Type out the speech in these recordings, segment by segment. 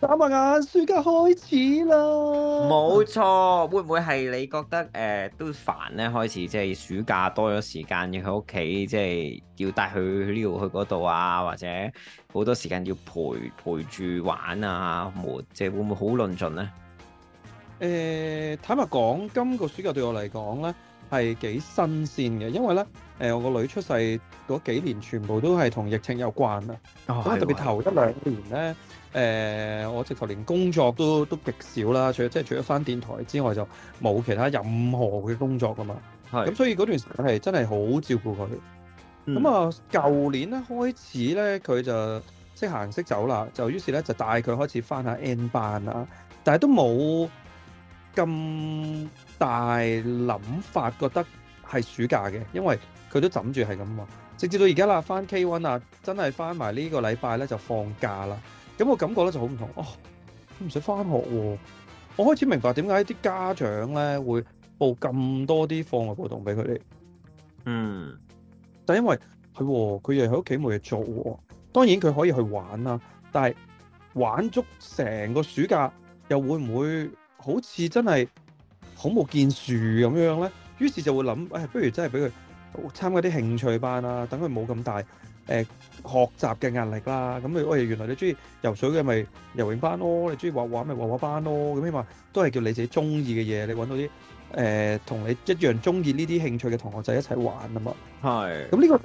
眨下眼，暑假開始啦！冇錯，會唔會係你覺得誒、呃、都煩咧？開始即係暑假多咗時間要喺屋企，即係要帶佢去呢度去嗰度啊，或者好多時間要陪陪住玩啊，冇即係會唔會好論盡咧？誒、呃，坦白講，今個暑假對我嚟講咧係幾新鮮嘅，因為咧誒、呃、我個女出世嗰幾年全部都係同疫情有關啊，哦、特別頭一兩年咧。誒、呃，我直頭連工作都都極少啦，除即係除咗翻電台之外，就冇其他任何嘅工作噶嘛。係咁，所以嗰段時間係真係好照顧佢。咁、嗯、啊，舊年咧開始咧，佢就識行識走啦，就於是咧就帶佢開始翻下 N 班啦。但係都冇咁大諗法，覺得係暑假嘅，因為佢都枕住係咁啊。直至到而家啦，翻 K one 啊，真係翻埋呢個禮拜咧就放假啦。咁我感覺咧就好唔同，哦唔使返學喎，我開始明白點解啲家長咧會報咁多啲課外活動俾佢哋，嗯，但因為佢佢、哦、又喺屋企冇嘢做，當然佢可以去玩啦，但係玩足成個暑假又會唔會好似真係好冇建樹咁樣呢？咧？於是就會諗，唉、哎，不如真係俾佢參加啲興趣班啊，等佢冇咁大。誒學習嘅壓力啦，咁你哦，原來你中意游水嘅咪游泳班咯，你中意畫畫咪畫畫班咯，咁起碼都係叫你自己中意嘅嘢，你揾到啲誒同你一樣中意呢啲興趣嘅同學仔一齊玩啊嘛。係。咁呢個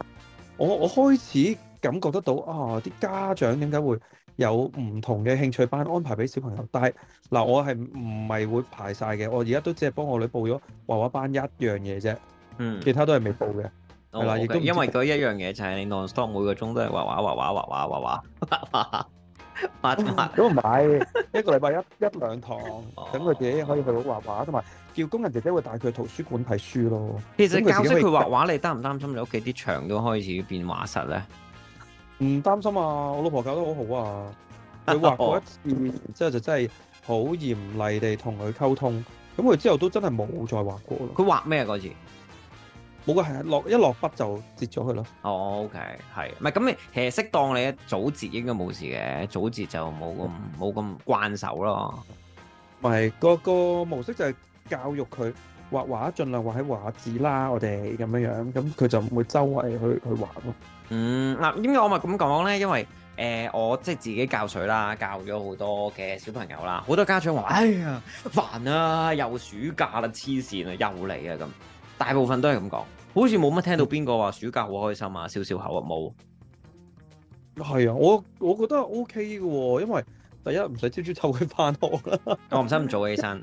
我我開始感覺得到啊，啲家長點解會有唔同嘅興趣班安排俾小朋友。但係嗱，我係唔係會排晒嘅？我而家都只係幫我女報咗畫畫班一樣嘢啫，嗯，其他都係未報嘅。哦、好都因為佢一樣嘢就係你 non-stop 每個鐘都係畫畫畫畫畫畫畫畫畫都唔不係是 一個禮拜一一兩堂，等、哦、佢自己可以去學畫畫，同、哦、埋叫工人姐姐會帶佢去圖書館睇書咯。其實教識佢畫畫，你擔唔擔心你屋企啲牆都開始變畫實咧？唔擔心啊，我老婆教得好好啊。佢畫過一次之後、哦、就真係好嚴厲地同佢溝通，咁佢之後都真係冇再畫過咯。佢畫咩啊？嗰次？冇嘅，係落一落筆就跌咗佢咯。哦，OK，係，唔係咁你，其實適當你早節應該冇事嘅，早節就冇咁冇咁慣手咯。唔係，個個模式就係教育佢畫畫，盡量畫喺畫紙啦。我哋咁樣樣，咁佢就唔會周圍去去畫咯。嗯，嗱，點解我咪咁講咧？因為誒，我即係自己教水啦，教咗好多嘅小朋友啦，好多家長話：哎呀，煩啊，又暑假啦，黐線啊，又嚟啊咁。大部分都係咁講，好似冇乜聽到邊個話暑假好開心啊，笑笑口啊，冇。係啊，我我覺得 O K 嘅，因為第一唔使朝朝湊佢返學啦。我唔使咁早起身。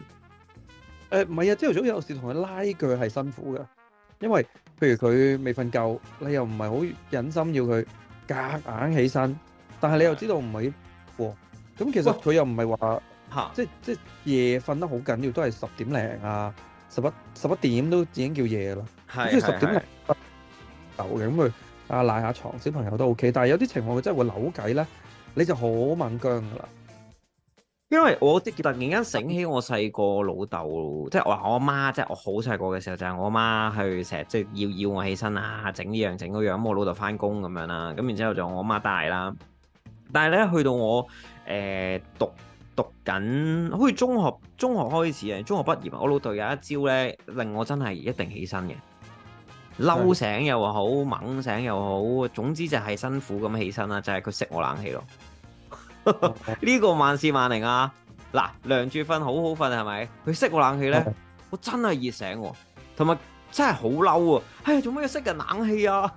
誒，唔係啊，朝頭早有時同佢拉鋸係辛苦噶，因為譬如佢未瞓夠，你又唔係好忍心要佢夾硬起身，但係你又知道唔係過，咁其實佢又唔係話，即係即係夜瞓得好緊要，都係十點零啊。十一十一點都已經叫夜啦，跟住十點嚟唞嘅，咁佢啊賴下、啊啊啊、床，小朋友都 OK。但係有啲情況佢真係會扭計咧，你就好敏感噶啦。因為我即突然間醒起我細個老豆，即係我阿我媽，即、就、係、是、我好細個嘅時候就係、是、我阿媽去成日即係要、就是、要我起身啊，整呢樣整嗰樣，我老豆返工咁樣啦，咁然之後就我阿媽帶啦。但係咧去到我誒、呃、讀。讀緊好似中學，中學開始啊，中學畢業，我老豆有一招咧，令我真係一定起身嘅，嬲醒又好，猛醒又好，總之就係辛苦咁起身啦，就係佢熄我冷氣咯。呢、okay. 個萬事萬靈啊！嗱，涼住瞓好好瞓係咪？佢熄我冷氣咧，okay. 我真係熱醒，同埋真係好嬲啊！唉、啊，做咩要熄人冷氣啊？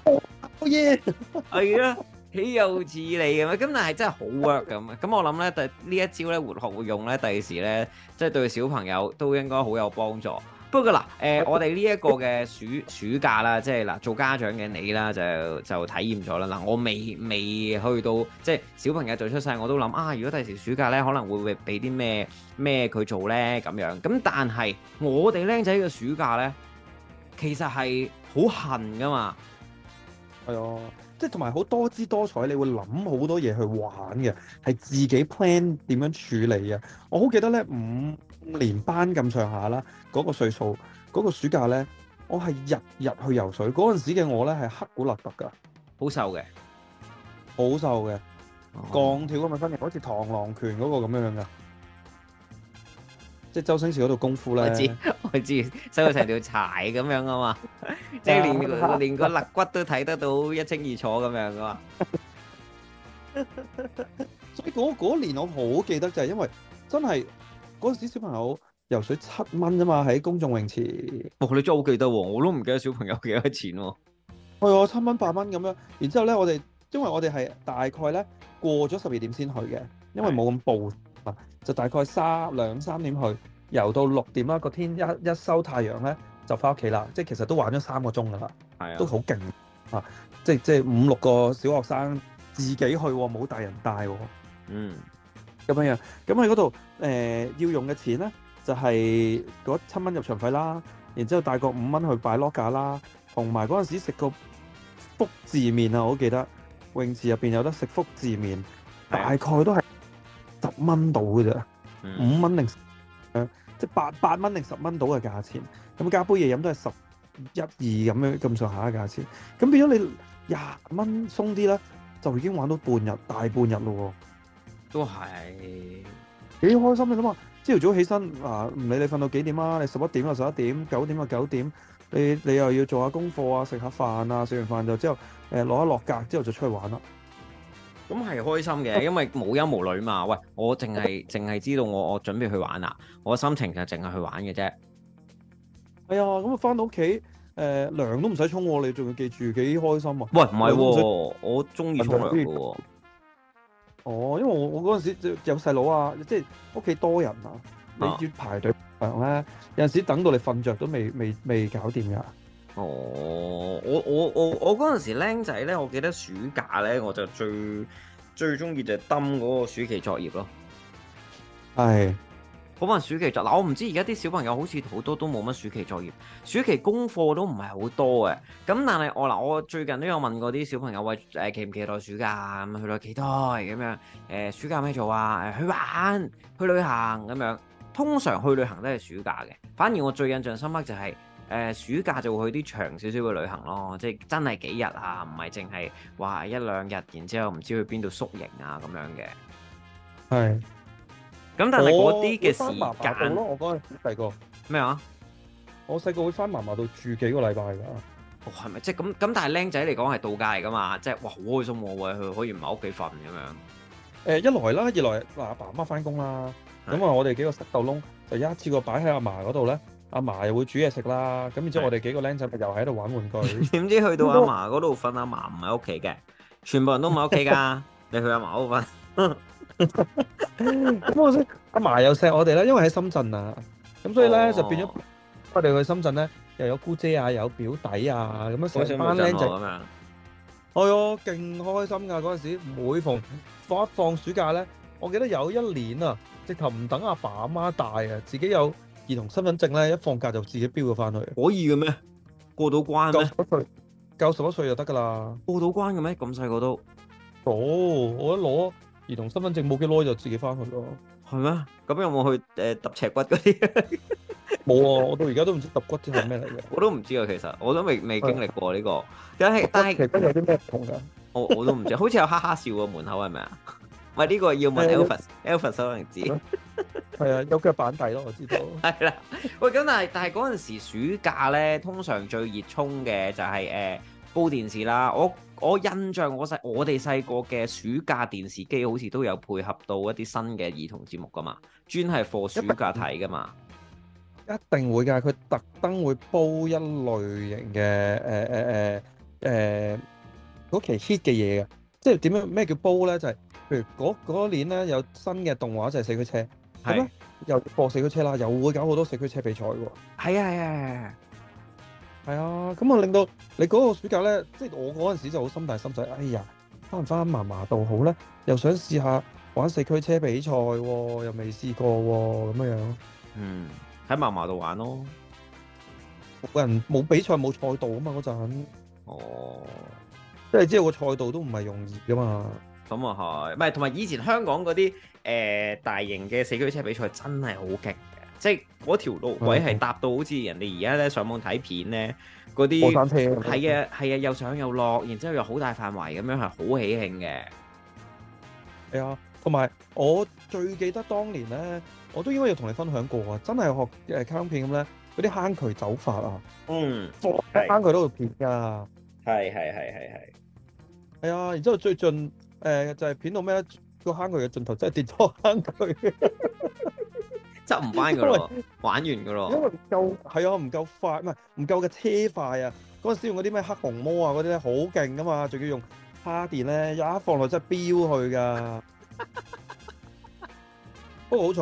好 耶、oh, yeah. 係啊！幼稚你嘅咩？咁但係真係好 work 咁咁我諗咧，第呢一招咧，活學活用咧，第時咧，即係對小朋友都應該好有幫助。不過嗱，誒，我哋呢一個嘅暑暑假啦，即係嗱，做家長嘅你啦，就就體驗咗啦。嗱，我未未去到，即係小朋友就出世，我都諗啊，如果第時暑假咧，可能會唔會俾啲咩咩佢做咧，咁樣。咁但係我哋僆仔嘅暑假咧，其實係好恨噶嘛。係啊。即同埋好多姿多彩，你會諗好多嘢去玩嘅，係自己 plan 點樣處理嘅。我好記得咧，五年班咁上下啦，嗰個歲數，嗰個暑假咧，我係日日去游水，嗰陣時嘅我咧，係黑古勒特噶，好瘦嘅，好瘦嘅、哦，鋼條咁嘅身型，好似螳螂拳嗰個咁樣噶。即係周星馳嗰度功夫啦，我知我知，收佢成條柴咁樣啊嘛！ 即係連連個肋骨都睇得到一清二楚咁樣啊嘛！ 所以嗰年我好記得就係因為真係嗰陣時小朋友游水七蚊啫嘛，喺公眾泳池。哦，你真係好記得喎、哦！我都唔記得小朋友幾多錢喎、哦。係啊、哦，七蚊八蚊咁樣。然之後咧，我哋因為我哋係大概咧過咗十二點先去嘅，因為冇咁暴。就大概三兩三點去游到六點啦，個天一一收太陽咧就翻屋企啦，即係其實都玩咗三個鐘噶啦，係都好勁啊！即係即係五六個小學生自己去，冇大人帶，嗯，咁樣樣，咁去嗰度誒要用嘅錢咧就係、是、嗰七蚊入場費啦，然之後帶個五蚊去擺 locker 架啦，同埋嗰陣時食過福字麵啊，我記得泳池入邊有得食福字麵，是大概都係。蚊到嘅啫，五蚊零十，誒、嗯，即係八八蚊零十蚊到嘅價錢，咁加杯嘢飲都係十一二咁樣咁上下嘅價錢，咁變咗你廿蚊鬆啲咧，就已經玩到半日大半日咯喎，都係幾開心嘅嘛。朝頭早起身啊，唔理你瞓到幾點啊，你十一點啊十一點，九點啊九點，你你又要做下功課啊，食下飯啊，食完飯就之後誒、呃、落一落格，之後就出去玩啦。咁、嗯、係開心嘅，因為無憂無慮嘛。喂，我淨係淨係知道我我準備去玩啦，我心情就淨係去玩嘅啫。係、哎呃、啊，咁啊翻到屋企，誒，涼都唔使沖，你仲要記住幾開心啊！喂，唔係、啊，我中意沖涼嘅。哦，因為我我嗰陣時有細佬啊，即係屋企多人啊，啊，你要排隊涼咧，有陣時等到你瞓着都未未未搞掂㗎。哦、oh，我我我我嗰陣時僆仔咧，我記得暑假咧，我就最最中意就登嗰個暑期作業咯。係，嗰份暑期作嗱，我唔知而家啲小朋友好似好多都冇乜暑期作業，暑期功課都唔係好多嘅。咁但係我嗱，我最近都有問過啲小朋友喂，誒、呃、期唔期待暑假啊？咁啊，期待，期待咁樣。誒，暑假咩做啊？去玩，去旅行咁樣。通常去旅行都係暑假嘅。反而我最印象深刻就係、是。誒暑假就會去啲長少少嘅旅行咯，即係真係幾日啊，唔係淨係話一兩日，然之後唔知去邊度宿營啊咁樣嘅。係。咁但係嗰啲嘅時間咯，我嗰個細個咩啊？我細個會翻嫲嫲度住幾個禮拜㗎。哦，係咪即係咁咁？但係僆仔嚟講係度假嚟㗎嘛，即係哇好開心喎、哦！喂，佢可以唔喺屋企瞓咁樣。誒、呃、一來啦，二來嗱阿爸媽翻工啦，咁啊我哋幾個塞竇窿就一次過擺喺阿嫲嗰度咧。阿嫲又會煮嘢食啦，咁然之後我哋幾個僆仔咪又喺度玩玩具。點知去到阿嫲嗰度瞓，阿嫲唔喺屋企嘅，全部人都唔喺屋企噶。你去阿嫲屋企瞓。咁我先，阿嫲又錫我哋咧，因為喺深圳啊，咁所以咧就變咗我哋去深圳咧又有姑姐啊，又有表弟啊，咁樣成班僆仔。係啊，勁開心噶嗰陣時，每逢放一放暑假咧，我記得有一年啊，直頭唔等阿爸阿媽帶啊，自己有。兒童身份證咧，一放假就自己標咗翻去，可以嘅咩？過到關？九歲，夠十一歲就得噶啦。過到關嘅咩？咁細個都？哦，我一攞兒童身份證冇幾耐就自己翻去咯。係咩？咁有冇去誒揼尺骨嗰啲？冇啊！我到而家都唔知揼骨啲係咩嚟嘅。我都唔知啊，其實我都未未經歷過呢個。但係但係，其實有啲咩痛噶？我我都唔知，好似有哈哈笑個門口係咪啊？喂，呢個要問 Elvis，Elvis 先能知。係 啊，有腳板底咯，我知道。係啦，喂，咁但係但係嗰陣時暑假咧，通常最熱衷嘅就係、是、誒、呃、煲電視啦。我我印象我細我哋細個嘅暑假電視機好似都有配合到一啲新嘅兒童節目噶嘛，專係放暑假睇噶嘛。一定會㗎，佢特登會煲一類型嘅誒誒誒誒嗰期 hit 嘅嘢嘅，即係點樣咩叫煲咧？就係、是、譬如嗰年咧有新嘅動畫就係、是《四驅車》。係咩？又播四驅車啦，又會搞好多四驅車比賽喎。係啊係啊係啊，係啊。咁啊，那令到你嗰個暑假咧，即係我嗰陣時就好心大心細。哎呀，翻翻麻麻度好咧，又想試下玩四驅車比賽，又未試過咁樣樣。嗯，喺麻麻度玩咯。個人冇比賽冇賽道啊嘛，嗰陣。哦，即係知道個賽道都唔係容易噶嘛。咁啊，係，唔係同埋以前香港嗰啲誒大型嘅四驅車比賽真係好勁嘅，即係嗰條路軌係搭到好似人哋而家咧上網睇片咧嗰啲，過山車啊！係嘅，係啊，又上又落，然之後又好大範圍咁樣，係好喜慶嘅。係啊，同埋我最記得當年咧，我都應該要同你分享過啊！真係學誒卡通片咁咧，嗰啲坑渠走法啊，嗯，坑渠都會撇㗎，係係係係係，係啊！然之後最近。誒、呃、就係、是、片到咩咧？個坑渠嘅盡頭真係跌咗坑渠，執唔翻佢咯，玩完嘅咯。因為唔夠，係啊，唔夠快，唔係唔夠嘅車快啊！嗰陣、啊、時用嗰啲咩黑熊魔啊嗰啲咧好勁噶嘛，仲要用叉電咧有一放落真係飆去㗎。 不過好彩，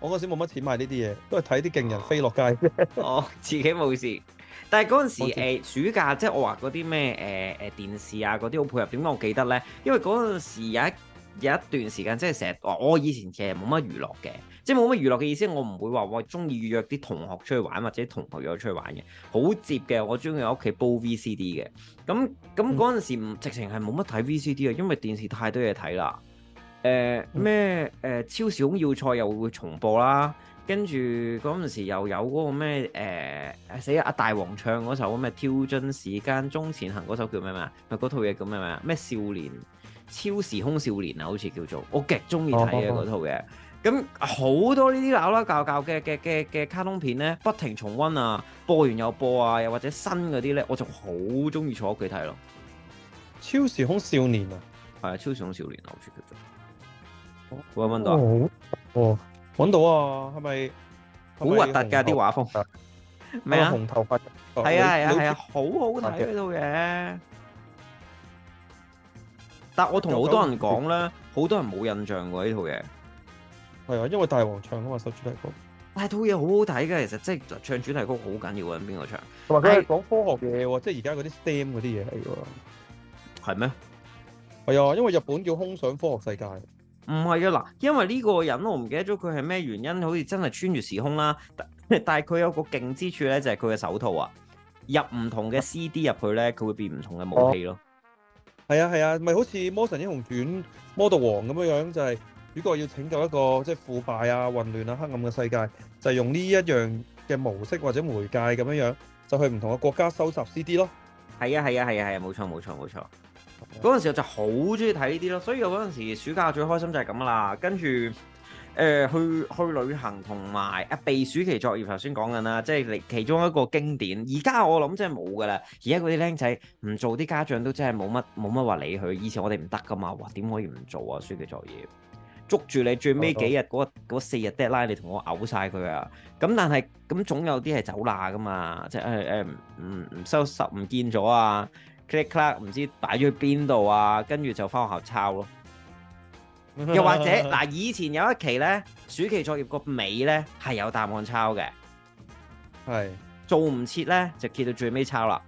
我嗰陣時冇乜錢買呢啲嘢，都係睇啲勁人飛落街。 哦，自己冇事。但係嗰陣時、okay. 暑假即係，就是，我話嗰啲咩誒誒電視啊嗰啲好配合。點解我記得呢？因為嗰陣時有一有一段時間，即係成日我以前其實冇乜娛樂嘅，即係冇乜娛樂嘅意思，我唔會話我中意約啲同學出去玩或者同朋友出去玩嘅，好接嘅。我中意喺屋企煲 VCD 嘅。咁咁嗰陣時唔，mm. 直情係冇乜睇 VCD 嘅，因為電視太多嘢睇啦。誒咩誒超時空要塞又會重播啦。跟住嗰陣時又有嗰個咩誒、欸、死啊！阿大王唱嗰首咩跳進時間中前行嗰首叫咩名啊？咪嗰套嘢叫咩名啊？咩少年超時空少年啊？好似叫做我極中意睇嘅嗰套嘢。咁、哦、好、哦哦、多呢啲鬧鬧教教嘅嘅嘅嘅卡通片咧，不停重溫啊，播完又播啊，又或者新嗰啲咧，我就好中意坐屋企睇咯。超時空少年啊，係啊，超時空少年啊，好似叫做。好，溫唔溫到啊？哦，哦，哦。搵到啊！係咪好核突噶啲畫風？咩啊？紅頭髮？係啊係啊係啊！啊啊啊啊好好睇呢套嘢。Okay. 但我同好多人講咧，好多人冇印象喎呢、啊、套嘢。係啊，因為大王唱啊嘛首主題曲。但係套嘢好好睇噶，其實即係唱主題曲好緊要啊！邊個唱？同埋佢係講科學嘢喎、啊，即係而家嗰啲 STEM 嗰啲嘢嚟嘅。係咩？係啊，因為日本叫空想科學世界。唔係啊，嗱，因為呢個人我唔記得咗佢係咩原因，好似真係穿越時空啦。但係佢有個勁之處咧，就係佢嘅手套啊，入唔同嘅 CD 入去咧，佢會變唔同嘅武器咯。係啊係啊，咪、啊就係、好似《魔神英雄傳》《魔道王》咁樣樣，就係、係、如果要拯救一個即係、就係、腐敗啊、混亂啊、黑暗嘅世界，就用呢一樣嘅模式或者媒介咁樣樣，就去唔同嘅國家收集 CD 咯。係啊係啊係啊係啊，冇錯冇錯冇錯。冇錯冇錯。嗰陣時候我就好中意睇呢啲咯，所以我嗰陣時候暑假最開心就係咁啦，跟住誒去去旅行同埋啊避暑期作業，頭先講緊啦，即係嚟其中一個經典。而家我諗真係冇噶啦，而家嗰啲僆仔唔做啲家長都真係冇乜冇乜話理佢。以前我哋唔得噶嘛，哇點可以唔做啊暑期作業？捉住你最尾幾日嗰、哦、四日 deadline，你同我嘔晒佢啊！咁但係咁總有啲係走罅噶嘛，即係誒唔唔收拾唔見咗啊！click clack 唔知擺咗去邊度啊，跟住就翻學校抄咯。 又或者嗱，以前有一期咧，暑期作業個尾咧係有答案抄嘅，係做唔切咧就揭到最尾抄啦。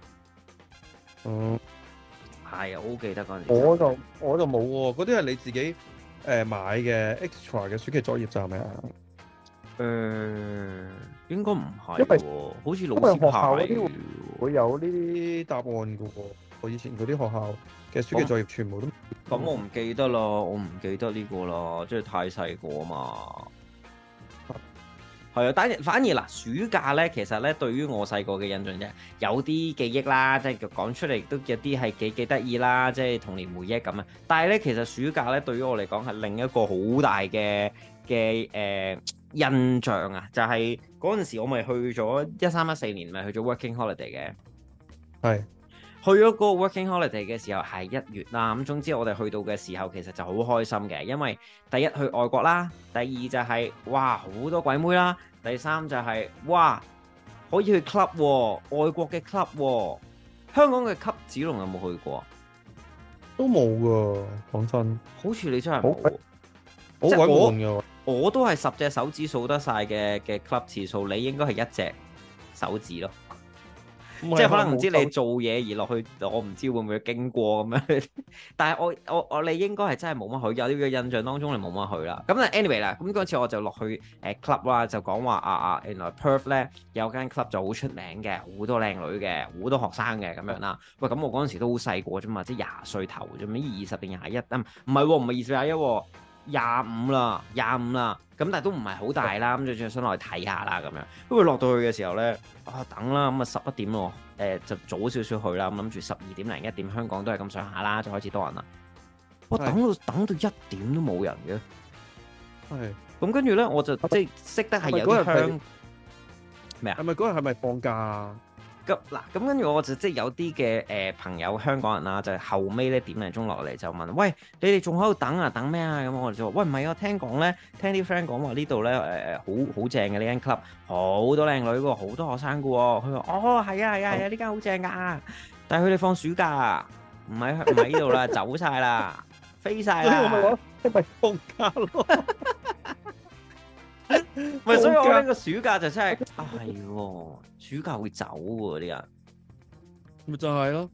嗯，係、哎、啊，好記得嗰年。我就我就冇喎、啊，嗰啲係你自己誒買嘅 extra 嘅暑期作業就係咪啊？誒、嗯，應該唔係喎，好似老師學校啲會有呢啲答案嘅喎、啊。我以前嗰啲學校嘅暑期作業全部都咁、嗯，我唔記得啦，我唔記得呢個啦，即係太細個啊嘛。係、嗯、啊，但反而嗱，暑假咧，其實咧，對於我細個嘅印象啫、就是，有啲記憶啦，即係講出嚟，都有啲係幾幾得意啦，即、就、係、是、童年回憶咁啊。但係咧，其實暑假咧，對於我嚟講係另一個好大嘅嘅誒印象啊，就係嗰陣時我咪去咗一三一四年咪去咗 working holiday 嘅，係。去咗個 working holiday 嘅時候係一月啦，咁總之我哋去到嘅時候其實就好開心嘅，因為第一去外國啦，第二就係、是、哇好多鬼妹啦，第三就係、是、哇可以去 club，外國嘅 club，香港嘅 club，子龍有冇去過？都冇㗎，講真，好似你真係冇，好鬼悶嘅、就是、我，我，我都係十隻手指數得晒嘅嘅 club 次數，你應該係一隻手指咯。 即係可能唔知你做嘢而落去，我唔知會唔會經過咁樣。但係我我我你應該係真係冇乜去，有呢個印象當中你冇乜去啦。咁啊，anyway 啦，咁嗰陣我就落去誒、啊、club 啦，就講話啊啊，原來 Perth 咧有間 club 就好出名嘅，好多靚女嘅，好多學生嘅咁樣啦。喂，咁我嗰陣時都好細個啫嘛，即係廿歲頭啫嘛，二十定廿一啊？唔係喎，唔係二十廿一喎。廿五啦，廿五啦，咁但係都唔係好大啦，咁就轉身落去睇下啦，咁樣。不過落到去嘅時候咧，啊等啦，咁啊十一點咯，誒就早少少去啦，咁諗住十二點零一點香港都係咁上下啦，就開始多人啦。我等到等到一點都冇人嘅，係。咁跟住咧，我就即係識得係有向咩啊？係咪嗰日係咪放假啊？咁嗱，咁跟住我就即係有啲嘅朋友香港人啦，就後尾咧點零鐘落嚟就問：喂，你哋仲喺度等啊？等咩啊？咁我哋就話：喂，唔係啊！聽講咧，聽啲 friend 講話呢度咧好好正嘅呢間 club，好多靚女喎，好多學生嘅喎。佢話：哦，係啊係啊係啊，呢間、啊啊、好正噶。但係佢哋放暑假，唔喺唔喺度啦， 走晒啦，飛晒啦。所以咪放假咯。唔係，所以我呢個暑假就真係啊，係、哎、暑假會走啲人，咪就係、是、咯。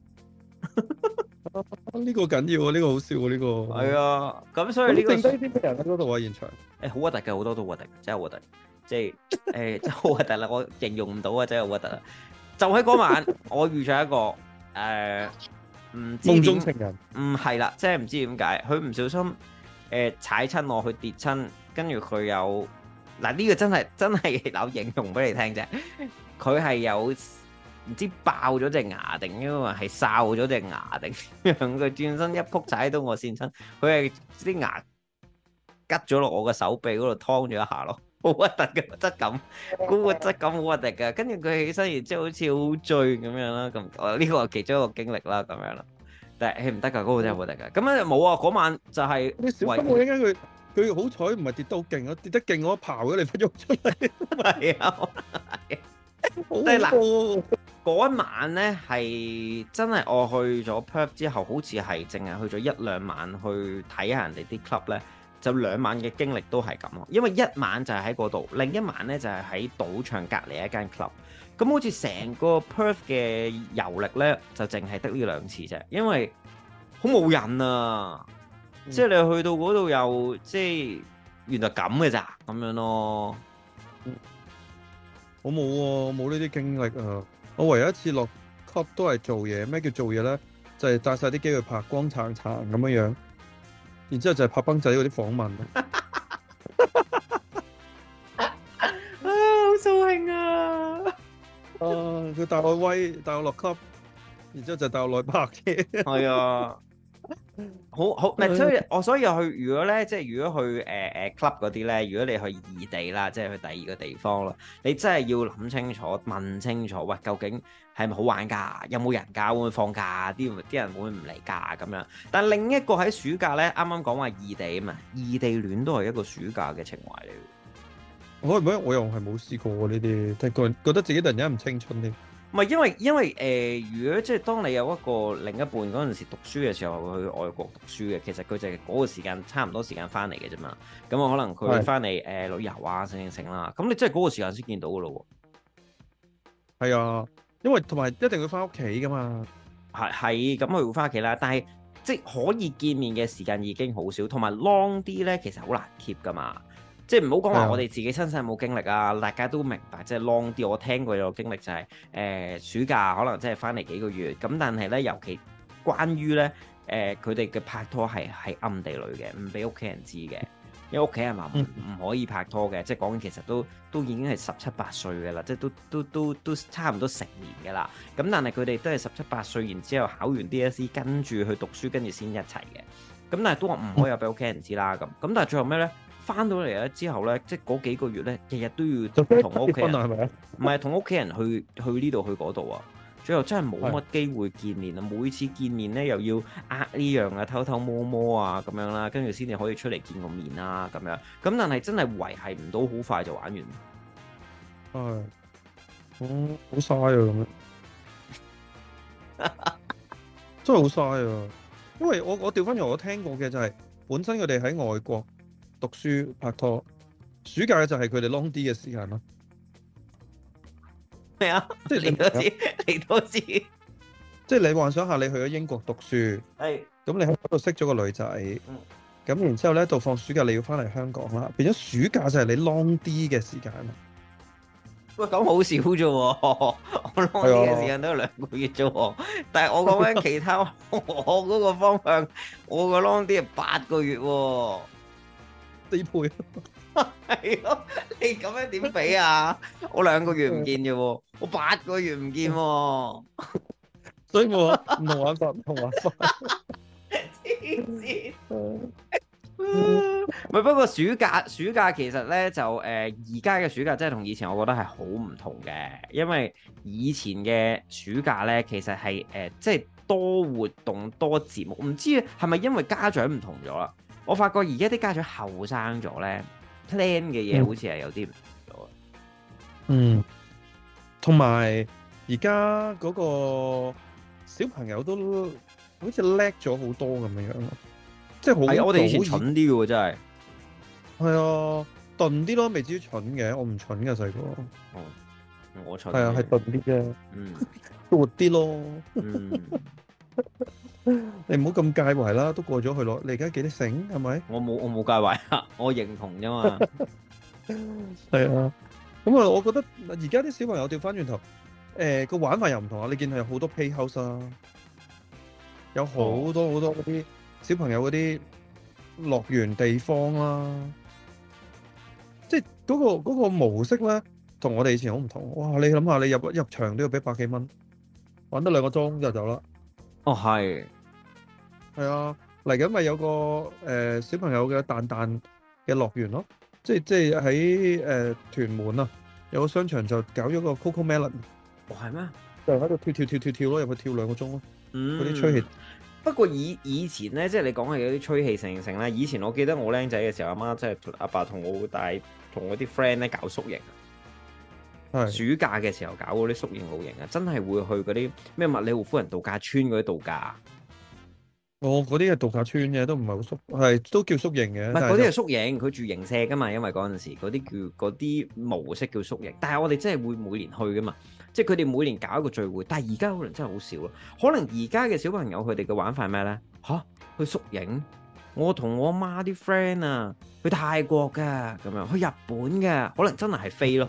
呢個緊要啊，呢、這個這個好笑、這個、啊，呢個係啊。咁所以呢、這個剩低啲咩人喺嗰度啊？現場誒，好核突嘅，好多都核突，真係核突。即係誒，真係好核突啦！我形容唔到啊，真係好核突啦。就喺嗰晚，我遇上一個誒，唔、呃、夢中情人，唔係啦，即係唔知點解佢唔小心誒、呃、踩親我，去跌親，跟住佢有。嗱呢個真係真係攞形容俾你聽啫，佢係有唔知爆咗隻牙定啊，係哨咗隻牙定，讓佢轉身一撲踩到我線身，佢係啲牙拮咗落我個手臂嗰度劏咗一下咯，好核突嘅質感，嗰個質感好核突嘅。跟住佢起身，然之後好似好醉咁樣啦，咁我呢個係其中一個經歷啦，咁樣啦。但係唔得㗎，嗰個真係核突㗎。咁樣冇啊，嗰晚就係為。佢好彩唔係跌到勁，跌得勁我刨咗你出咗出嚟，係 就是、 啊，好嗰一晚呢，係真係我去咗 Perth 之後，好似係淨係去咗一兩晚去睇下人哋啲 club 呢，就兩晚嘅經歷都係咁咯。因為一晚就係喺嗰度，另一晚呢就係喺賭場隔離一間 club。咁好似成個 Perth 嘅遊歷呢，就淨係得呢兩次啫，因為好冇癮啊！嗯、即係你去到嗰度又即係，原來咁嘅咋咁樣咯？我冇、啊，我冇呢啲經歷啊！我唯一一次落 club 都係做嘢。咩叫做嘢咧？就係帶晒啲機去拍光燦燦咁樣樣，然之後就係拍崩仔嗰啲訪問、 哎、啊！ 啊，好掃興啊！啊，佢帶我威，帶我落 club，然之後就帶我落去拍嘅。係啊。好好，咪所以我所以去，如果咧，即係如果去誒誒、呃、club 嗰啲咧，如果你去異地啦，即係去第二個地方啦，你真係要諗清楚，問清楚，喂，究竟係咪好玩噶？有冇人噶？會唔會放假？啲啲人會唔會唔嚟噶？咁樣。但另一個喺暑假咧，啱啱講話異地啊嘛，異地戀都係一個暑假嘅情懷嚟。我唔知，我又係冇試過呢啲，即係覺覺得自己突然間唔青春呢。唔係，因為因為誒、呃，如果即係當你有一個另一半嗰陣時讀書嘅時候，會去外國讀書嘅，其實佢就係嗰個時間差唔多時間翻嚟嘅啫嘛。咁啊，可能佢會翻嚟誒旅遊啊，成成啦。咁你即係嗰個時間先見到嘅咯喎。係啊，因為同埋一定要翻屋企噶嘛。係係，咁佢會翻屋企啦。但係即係可以見面嘅時間已經好少，同埋 long 啲咧，其實好難 keep 噶嘛。即係唔好講話，我哋自己親身冇經歷啊！大家都明白，即係 long 啲。我聽過有經歷就係、是、誒、呃、暑假，可能即係翻嚟幾個月咁。但係咧，尤其關於咧誒佢哋嘅拍拖係喺暗地裏嘅，唔俾屋企人知嘅。因為屋企人話唔可以拍拖嘅，即係講緊其實都都已經係十七八歲嘅啦，即係都都都都差唔多成年嘅啦。咁但係佢哋都係十七八歲，然之後考完 DSE 跟住去讀書，跟住先一齊嘅。咁但係都話唔可以俾屋企人知啦。咁咁但係最後咩咧？翻到嚟咧之後咧，即係嗰幾個月咧，日日都要同屋企人係咪啊？唔係，同屋企人去去呢度去嗰度啊。最後真係冇乜機會見面啊！每次見面咧，又要呃呢樣啊，偷偷摸摸啊咁樣啦，跟住先至可以出嚟見個面啦咁樣。咁但係真係維係唔到，好快就玩完。唉，嗯，好嘥啊咁樣。真係好嘥啊！因為我我調翻轉，我聽過嘅就係本身佢哋喺外國，讀書拍拖，暑假就係佢哋 long 啲嘅時間咯。咩啊？即係你都知，你都知。即係你幻想下，你去咗英國讀書，係咁你喺嗰度識咗個女仔，咁、嗯、然之後咧到放暑假你要翻嚟香港啦。變咗暑假就係你 long 啲嘅時間啦。喂，咁好少啫，啊，我 long 啲嘅時間都有兩個月啫，但係我講緊其他 我嗰個方向，我個 long 啲係八個月，啊。幾倍？係咯，你咁樣點比啊？我兩個月唔見啫，我八個月唔見， 所以我同我發，同我發，黐線。唔 係經病， 不過暑假暑假其實咧就誒，而家嘅暑假真係同以前我覺得係好唔同嘅，因為以前嘅暑假咧其實係誒，即、呃、係、即係、多活動多節目，唔知係咪因為家長唔同咗啦？我發覺而家啲家長後生咗咧，plan 嘅嘢好似係有啲唔同咗。嗯，同埋而家嗰個小朋友都好似叻咗好多咁樣樣咯，即係好。我哋好蠢啲嘅真係，係啊，鈍啲咯，未至於蠢嘅，我唔蠢嘅細個。哦，我蠢係啊，係鈍啲啫。嗯，都活啲咯。嗯你唔好咁介懷啦，都過咗去咯。你而家幾多醒係咪？我冇我冇介懷啊，我認同啫嘛。係啊，咁啊，我覺得而家啲小朋友調翻轉頭，誒，個玩法又唔同啊。你見佢有好多 play house 啊，有好多好多嗰啲小朋友嗰啲樂園地方啦，即係嗰個嗰個模式咧，同我哋以前好唔同。哇！你諗下，你入入場都要俾百幾蚊，玩得兩個鐘就走啦。哦係，係啊，嚟緊咪有個誒、呃、小朋友嘅蛋蛋嘅樂園咯，即係即係喺誒屯門啊，有個商場就搞咗個 Coco Melon，哦係咩？就喺度跳跳跳跳跳咯，入去跳兩個鐘咯，嗰啲吹氣，氣不過以以前咧，即係你講係有啲吹氣成成咧，以前我記得我僆仔嘅時候，阿媽即係阿爸同我大同我啲 friend 咧搞宿營。暑假嘅時候搞嗰啲宿營模型，啊，真係會去嗰啲咩麥理浩夫人度假村嗰啲度假。我嗰啲係度假村嘅，都唔係好宿，係都叫縮宿營嘅。唔係嗰啲係宿營，佢住營舍噶嘛。因為嗰陣時嗰啲叫嗰啲模式叫宿營。但係我哋真係會每年去噶嘛，即係佢哋每年搞一個聚會。但係而家可能真係好少咯。可能而家嘅小朋友佢哋嘅玩法係咩咧？吓、啊、去宿營？我同我阿媽啲 friend 啊，去泰國噶，咁樣去日本噶，可能真係係飛咯。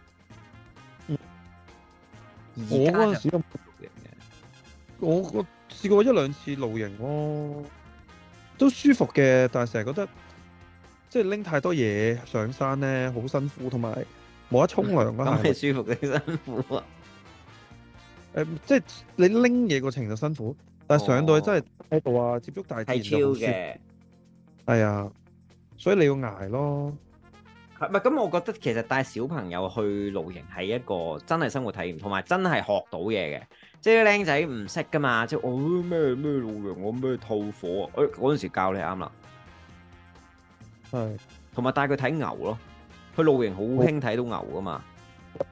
我嗰陣時都步行嘅，我我試過一兩次露營咯。哦，都舒服嘅，但係成日覺得即係拎太多嘢上山咧，好辛苦，同埋冇得沖涼咯。係舒服定辛苦啊？誒， 嗯，即係你拎嘢過程，就辛苦，但係上到去真係喺度啊，接觸大自然就好舒服。係啊，哎，所以你要捱咯。係咪咁？我覺得其實帶小朋友去露營係一個真係生活體驗，同埋真係學到嘢嘅。即係啲僆仔唔識噶嘛，即係我咩咩露營，我咩套火啊！誒嗰陣時教你係啱啦，係。同埋帶佢睇牛咯，去露營好興睇到牛噶嘛。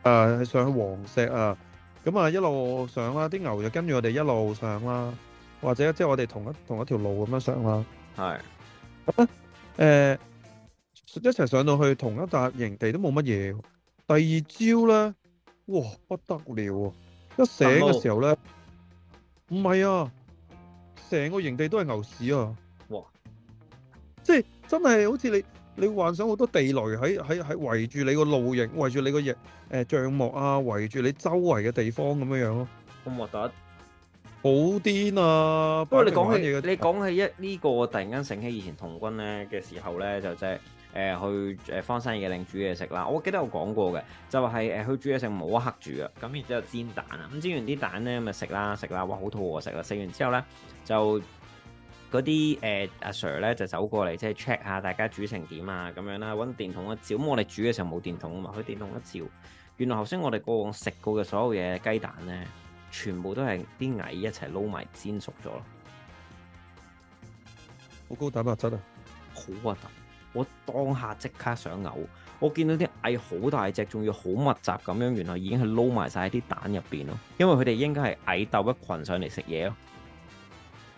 誒上去黃石啊，咁啊一路上啦，啲牛就跟住我哋一路上啦，或者即係我哋同一同一條路咁樣上啦。係。咁咧誒？一齊上到去同一笪營地都冇乜嘢。第二朝咧,哇不得了！一醒嘅時候咧，唔係啊，成個營地都係牛屎啊！哇，即係真係好似你你幻想好多地雷喺喺喺圍住你個露營，圍住你個營誒帳幕啊，圍住你周圍嘅地方咁樣樣咯。咁核突，好癲啊！不過你講起你講起一呢個突然間醒起以前童軍咧嘅時候咧，就即係。誒去誒荒山野嶺煮嘢食啦！我記得有講過嘅就係誒去煮嘢食冇黑煮啊！咁然之後煎蛋啊，煎完啲蛋咧咪食啦，食啦，哇好肚餓食啦！食完之後咧就嗰啲誒阿 Sir 咧就走過嚟，即係 check 下大家煮成點啊咁樣啦，揾電筒一照，咁我哋煮嘅時候冇電筒啊嘛，佢電筒一照，原來頭先我哋過往食過嘅所有嘢雞蛋咧，全部都係啲蟻一齊撈埋煎熟咗咯，好高蛋白質啊，好核突！我當下即刻想嘔，我見到啲蟻好大隻，仲要好密集咁樣，原來已經係撈埋晒喺啲蛋入邊咯，因為佢哋應該係蟻鬥一群上嚟食嘢咯，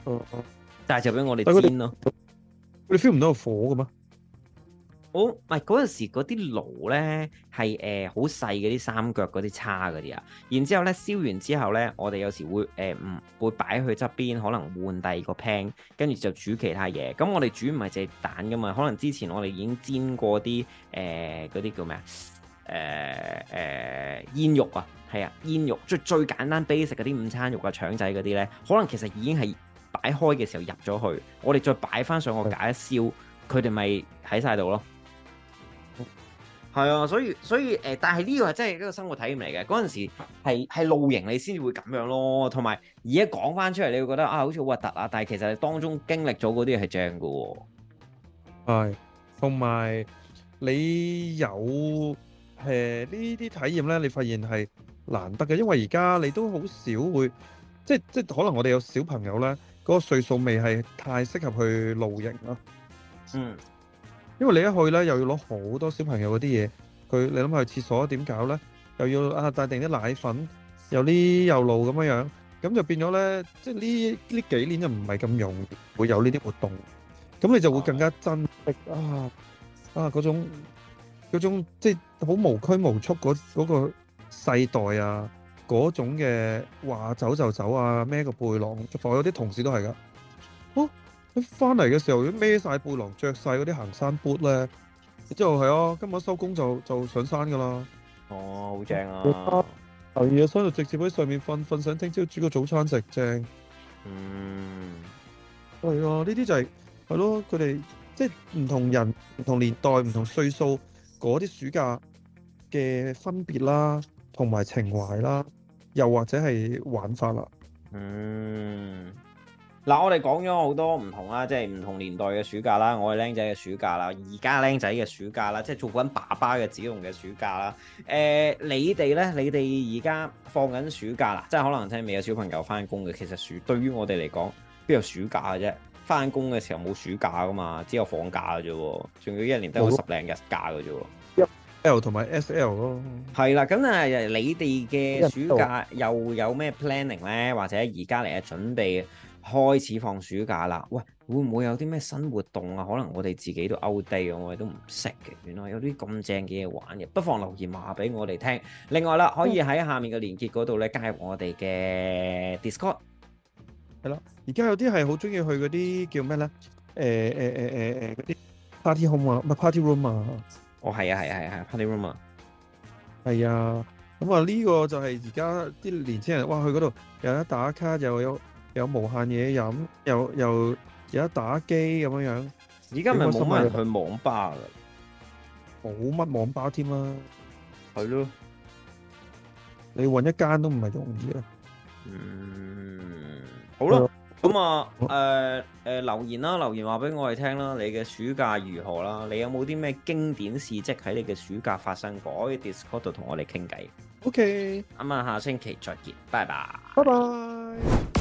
嗯，但係就俾我哋煎咯，你 feel 唔到有火嘅咩？我唔係嗰陣時嗰啲爐咧，係誒好細嘅啲三腳嗰啲叉嗰啲啊，然之後咧燒完之後咧，我哋有時會誒唔會擺去側邊，可能換第二個 pan，跟住就煮其他嘢。咁我哋煮唔係隻蛋噶嘛，可能之前我哋已經煎過啲誒嗰啲叫咩啊誒誒煙肉啊，係啊煙肉，即係最，最簡單 basic 嗰啲午餐肉啊腸仔嗰啲咧，可能其實已經係擺開嘅時候入咗去，我哋再擺翻上個架一燒，佢哋咪喺晒度咯。係啊，所以所以誒，但係呢個係真係一個生活體驗嚟嘅。嗰陣時係係露營，你先會咁樣咯。同埋而家講翻出嚟，你會覺得啊，好似好核突啊。但係其實你當中經歷咗嗰啲嘢係正㗎喎。係，同埋你有誒呢啲體驗咧，你發現係難得嘅，因為而家你都好少會，即即可能我哋有小朋友咧，嗰個歲數未係太適合去露營咯。嗯。因為你一去咧，又要攞好多小朋友嗰啲嘢，佢你諗下去廁所點搞咧？又要啊帶定啲奶粉，又呢又路咁樣樣，咁就變咗咧，即係呢呢幾年就唔係咁容易，會有呢啲活動，咁你就會更加珍惜啊啊嗰種嗰種即係好無拘無束嗰、嗰個世代啊，嗰種嘅話、啊、走就走啊，孭個背囊，我有啲同事都係噶。哦一翻嚟嘅時候，一孭晒背囊，着晒嗰啲行山 boot 咧，之後係啊，今日收工就就上山噶啦。哦，好正啊！第二所以就直接喺上面瞓，瞓醒聽朝煮個早餐食，正。嗯，係啊，呢啲就係係咯，佢哋即係唔同人、唔同年代、唔同歲數嗰啲暑假嘅分別啦，同埋情懷啦，又或者係玩法啦。嗯。嗱、啊，我哋講咗好多唔同啦，即係唔同年代嘅暑假啦，我係僆仔嘅暑假啦，而家僆仔嘅暑假啦，即係做緊爸爸嘅紫龍嘅暑假啦。誒、呃，你哋咧？你哋而家放緊暑假啦，即係可能聽未有小朋友翻工嘅。其實暑對於我哋嚟講，邊有暑假嘅啫？翻工嘅時候冇暑假噶嘛，只有放假嘅啫，仲要一年得有十零日假嘅啫。L 同埋 S L 咯，係啦，咁啊，你哋嘅暑假又有咩 planning 咧？或者而家嚟啊準備？開始放暑假啦！喂，會唔會有啲咩新活動啊？可能我哋自己都 out day，我哋都唔識嘅。原來有啲咁正嘅嘢玩嘅，不妨留言話俾我哋聽。另外啦，可以喺下面嘅連結嗰度咧加入我哋嘅 Discord。係咯，而家有啲係好中意去嗰啲叫咩咧？誒誒誒誒誒嗰啲 party home 啊，唔係 party room 啊。哦，係啊，係啊，係啊，party room 啊。係啊，咁啊呢個就係而家啲年青人哇，去嗰度有人打卡就有。有無限嘢飲，又又而家打機咁樣樣，而家咪冇乜人去網吧噶，冇乜網吧添啦，係咯，你搵一間都唔係容易啊，嗯，好啦，咁啊，誒誒留言啦，留言話俾我哋聽啦，你嘅暑假如何啦？你有冇啲咩經典事蹟喺你嘅暑假發生過？可以 Discord 同我哋傾偈。OK 咁啊，下，下星期再見，拜拜，拜拜。